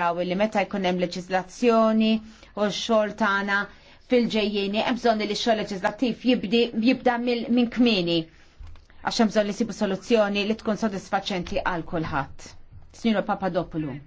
naraw li meta jkun hemm leġiżlazzjoni u x-xogħol tagħna fil-ġejjieni hemm bżonn li x-xogħol leġislattiv jibda minn kmieni għax hemm bżonn li sibu soluzzjoni li tkun sodisfaċenti għal kulħadd. Signora Papadopoulou.